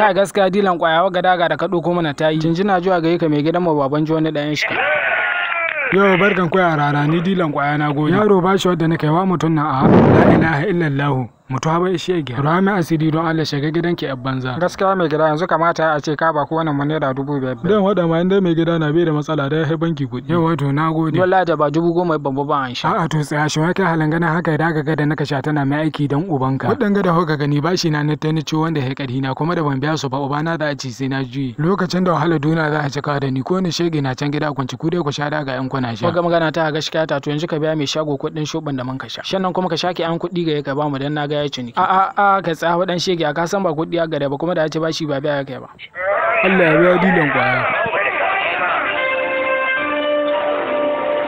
ka gaskiya dilan kwayawa ga daga da ka ɗauko mana ta yi jinjina zuwa ga ka mai gidan mu baban ji wani shi ka yau barkan kwaya rara ni dilan kwaya na goyi yaro ba shi wadda na wa mutum nan a la ilaha illallah Mutuwa bai ishe gya ruwa mai asiri don Allah shiga gidan ki banza gaskiya mai gida yanzu kamata a ce ka ba ko wani mu naira dubu biyar dan wada ma inda mai gida na bai da matsala da ya banki kuɗi yau wato na gode wallahi da ba dubu goma ban ba an sha a'a to tsaya shi wai kai halangana haka da ka ga da naka sha tana mai aiki dan ubanka wadan ga da hoka gani bashi na na tani ciwo wanda ya karhi na kuma da ban biya su ba na da a ci sai na juyi lokacin da wahala duniya za a cika da ni ko ni shege na can gida kunci ku dai ku sha daga yan kuna sha ga magana ta gaskiya ta to yanzu ka biya mai shago kudin shuban da man ka sha sannan kuma ka shake an kudi ga ya ka ba mu dan na ga ya yi ciniki a a ka tsaya wadan shege a san ba kuɗi a gare ba kuma da ya ce ba shi ba biya ya kai ba Allah ya biya dilan kwaya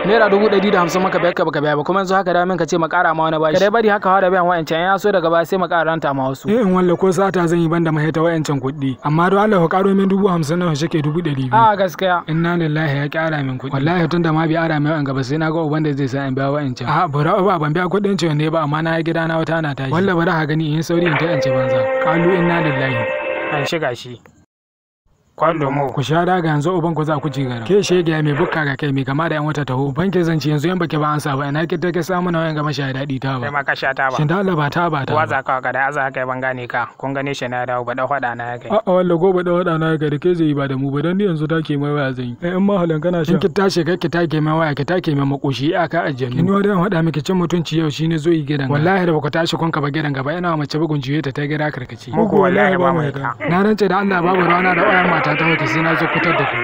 naira dubu ɗari da hamsin maka biya ka baka biya ba kuma yanzu haka damin ka ce ma ƙara ma wani bashi dai bari haka da biyan wa'ancan ya so daga baya sai ma ƙara ranta ma wasu eh in walla ko sata zan yi banda mahaita wa'ancan kuɗi amma don Allah ka karo min dubu hamsin nawa shake dubu ɗari biyu a gaskiya inna lillahi ya ƙara min kuɗi wallahi tunda ma bi ara mai wa'an gaba sai na ga uban da zai sa in biya wa'ancan a bura ba ban biya kuɗin ciwon ne ba amma na gida na wata na tashi wallahi bari ha gani in sauri in ta yance banza kalu inna lillahi an shiga shi kwallo mu ku sha daga yanzu uban ku za ku ci gara ke shege mai bukka ga kai mai kama da yan wata taho ban ke zanci yanzu yan baki ba an sa ba ina ki take samu na wayan ga mashaya daɗi ta ba kai maka sha ta ba shin da Allah ba ta ba ta wa za ka ga da aza kai ban gane ka kun gane shi na dawo ba da hada na ya kai a wallo gobe da hada na ya kai da ke zai yi ba da mu ba dan ni yanzu take mai waya zan yi eh in ma halan kana shi kin tashi kai ki take mai waya ki take mai makoshi a ka ajami kin wadan hada miki cin mutunci yau shine zo yi gidan wallahi da ba ku tashi kun ka ba gidan gaba ina mace bugun jiye ta ta gira karkace muku wallahi ba mai ka na rance da Allah babu rana da oyan mata ta ta sai na zo kutar da ku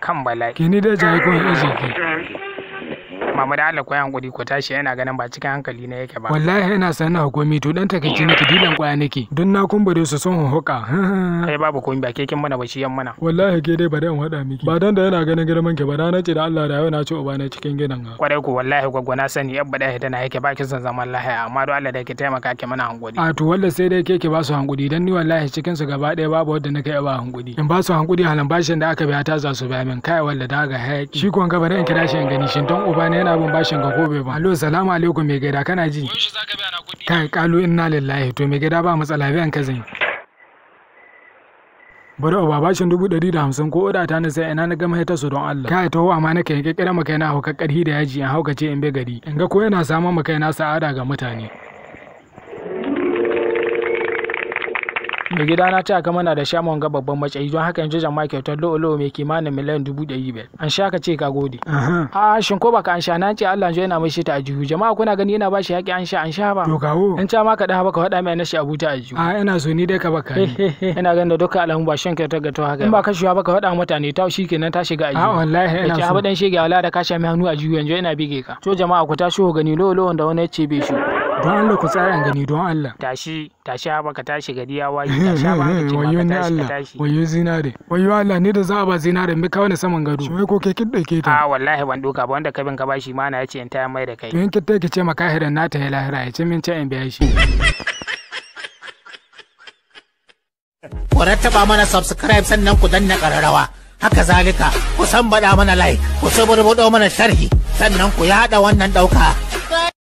kan bala'i ke ni da jaye ko ya ajiye ki mama da Allah koyan hankuri ko tashi yana ganin ba cikin hankali na yake ba wallahi ina san na hukumi to dan takaici nake dilan kwaya nake dan na kumbure su sun huhuka? kai babu komai ba ke kin mana bashi, yan mana wallahi ke dai ba dan hada miki ba dan da yana ganin girman ke ba dan nace da Allah da yau na ce uba na cikin gidan ga kwarai ko wallahi gwaggo na sani yabba da tana yake ba kin san zaman lahiya amma do Allah da ke taimaka ke mana hankuri a to wallahi sai dai ke ke ba su hankuri dan ni wallahi cikin su gaba daya babu wanda nake yaba hankuri in ba su hankuri halan bashin da aka biya ta za su biya min kai wallahi daga haƙi. shi kon gaba da in kira shi in gani shin dan uba ne kana bin bashin ga gobe ba alo salamu alaikum mai gaida kana ji kai kalu inna lillahi to mai gaida ba matsala biyan ka zan bari ba bashin dubu ɗari da hamsin ko odata ta na sai ina na gama ya su don Allah kai taho amma na kan kirkira maka yana hauka karhi da yaji in hauka ce in bai gari in ga ko yana samun maka sa'ada ga mutane mai gida na taya kama na da sha ga babban matsayi don haka yanzu jama'a kyautar lo'o-lo'o mai kimanin miliyan dubu ɗari biyar an sha ka ce ka gode a shin ko baka an sha na ce Allah yanzu yana mai shi ta a jihu jama'a kuna gani yana ba shi haƙi an sha an sha ba to kawo in ca ma ka dan ka faɗa mai na shi abuta a jihu a ina so ni dai ka baka ina ganin da dukkan alamu ba shan kyautar ga to haka in ba ka shuwa baka faɗa mutane ta shi kenan ta shiga a jihu a wallahi yana so ka ce abu ɗan shege wala da ka sha mai hannu a jihu yanzu yana bige ka to jama'a ku tashi ho gani lo'o-lo'on da wani ya ce bai shi don Allah ku tsaya gani don Allah tashi tashi haba ka tashi gari ya waye tashi haba ka ce wayo ne Allah wayo zinare wayo Allah ne da za a ba zinare mai kawai wani saman gado shi ko ke kin ke ta a wallahi ban doka ba wanda kabin ka bashi ma na yace in ta mai da kai to in kin take ce maka hiran na ta lahira ya ce min ce in biya shi ku rattaba mana subscribe sannan ku danna ƙararrawa haka zalika ku san bada mana like ku saburbudo mana sharhi sannan ku yada wannan dauka